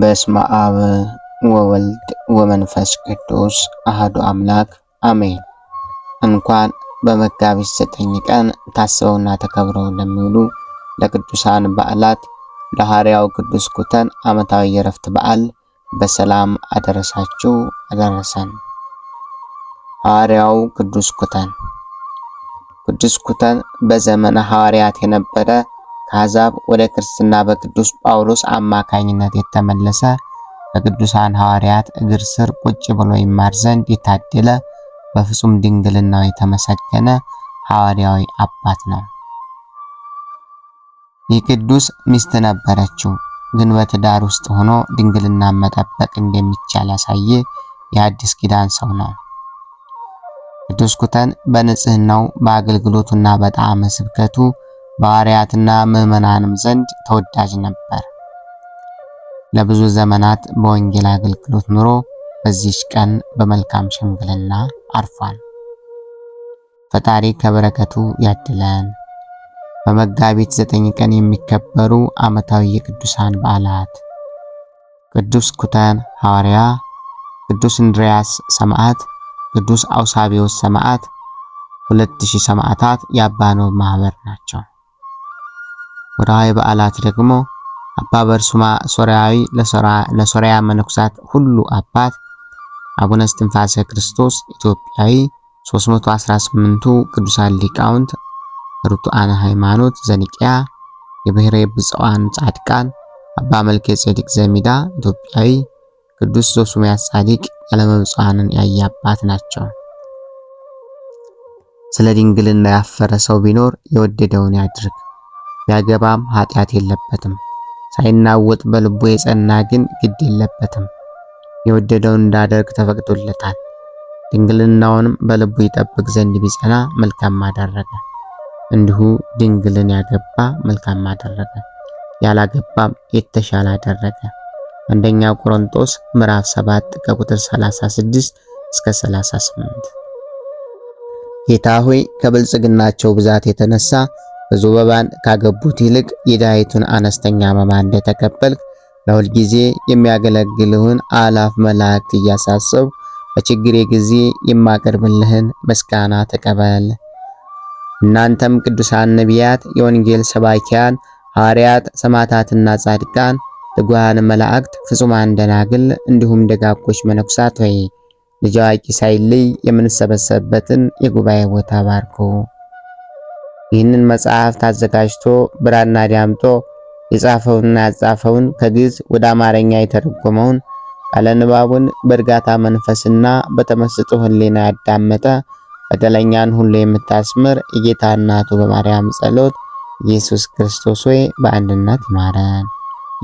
በስመ አብ ወወልድ ወመንፈስ ቅዱስ አህዱ አምላክ አሜን። እንኳን በመጋቢት ዘጠኝ ቀን ታስበውና ተከብረው ለሚውሉ ለቅዱሳን በዓላት ለሐዋርያው ቅዱስ ኩተን ዓመታዊ የረፍት በዓል በሰላም አደረሳችሁ አደረሰን። ሐዋርያው ቅዱስ ኩተን ቅዱስ ኩተን በዘመነ ሐዋርያት የነበረ ከአሕዛብ ወደ ክርስትና በቅዱስ ጳውሎስ አማካኝነት የተመለሰ በቅዱሳን ሐዋርያት እግር ስር ቁጭ ብሎ ይማር ዘንድ የታደለ በፍጹም ድንግልናው የተመሰገነ ሐዋርያዊ አባት ነው። ይህ ቅዱስ ሚስት ነበረችው፣ ግን በትዳር ውስጥ ሆኖ ድንግልና መጠበቅ እንደሚቻል ያሳየ የአዲስ ኪዳን ሰው ነው። ቅዱስ ኩተን በንጽህናው በአገልግሎቱና በጣዕመ ስብከቱ በሐዋርያትና ምዕመናንም ዘንድ ተወዳጅ ነበር። ለብዙ ዘመናት በወንጌል አገልግሎት ኑሮ በዚች ቀን በመልካም ሽምግልና አርፏል። ፈጣሪ ከበረከቱ ያድለን። በመጋቢት ዘጠኝ ቀን የሚከበሩ ዓመታዊ የቅዱሳን በዓላት ቅዱስ ኩተን፣ ሐዋርያ፣ ቅዱስ እንድርያስ ሰማዕት፣ ቅዱስ አውሳቢዎስ ሰማዕት፣ ሁለት ሺህ ሰማዕታት የአባ ኖብ ማኅበር ናቸው። ወርሃዊ በዓላት ደግሞ አባ በርሱማ ሶርያዊ ለሶርያ መነኩሳት ሁሉ አባት፣ አቡነ እስትንፋሰ ክርስቶስ ኢትዮጵያዊ፣ 318ቱ ቅዱሳን ሊቃውንት ርቱዓነ ሃይማኖት ዘኒቅያ፣ የብሔረ ብፅዋን ጻድቃን፣ አባ መልከ ጼዴቅ ዘሚዳ ኢትዮጵያዊ፣ ቅዱስ ዞሱምያስ ጻዲቅ ያለመብፅዋንን ያየ አባት ናቸው። ስለ ድንግልና ያፈረ ሰው ቢኖር የወደደውን ያድርግ። ቢያገባም ኃጢአት የለበትም። ሳይናወጥ በልቦ የጸና ግን ግድ የለበትም። የወደደውን እንዳደርግ ተፈቅዶለታል። ድንግልናውንም በልቡ ይጠብቅ ዘንድ ቢጸና መልካም አደረገ። እንዲሁ ድንግልን ያገባ መልካም አደረገ፣ ያላገባም የተሻለ አደረገ። አንደኛ ቆሮንቶስ ምዕራፍ 7 ከቁጥር 36 እስከ 38። ጌታ ሆይ ከብልጽግናቸው ብዛት የተነሳ በዙበባን ካገቡት ይልቅ የድሃይቱን አነስተኛ መማ እንደተቀበልክ ለሁል ጊዜ የሚያገለግልህን አላፍ መላእክት እያሳሰብ በችግሬ ጊዜ የማቀርብልህን ምስጋና ተቀበል። እናንተም ቅዱሳን ነቢያት፣ የወንጌል ሰባኪያን ሐዋርያት፣ ሰማዕታትና ጻድቃን፣ ትጉሃን መላእክት፣ ፍጹማን ደናግል እንዲሁም ደጋጎች መነኩሳት ወይ ልጅ አዋቂ ሳይለይ የምንሰበሰብበትን የጉባኤ ቦታ ባርኩ። ይህንን መጽሐፍት አዘጋጅቶ ብራና ዳምጦ የጻፈውንና ያጻፈውን ከግዕዝ ወደ አማርኛ የተረጎመውን ቃለ ንባቡን በእርጋታ መንፈስና በተመስጦ ሁሌና ያዳመጠ በደለኛን ሁሉ የምታስምር የጌታ እናቱ በማርያም ጸሎት ኢየሱስ ክርስቶስ ሆይ በአንድነት ይማረን።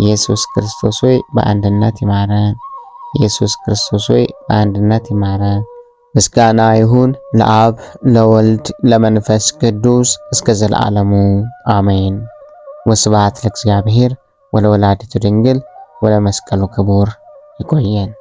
ኢየሱስ ክርስቶስ ሆይ በአንድነት ይማረን። ኢየሱስ ክርስቶስ ሆይ በአንድነት ይማረን። ምስጋና ይሁን ለአብ ለወልድ ለመንፈስ ቅዱስ እስከ ዘለዓለሙ አሜን። ወስብሐት ለእግዚአብሔር ወለወላዲቱ ድንግል ወለመስቀሉ ክቡር። ይቆየን።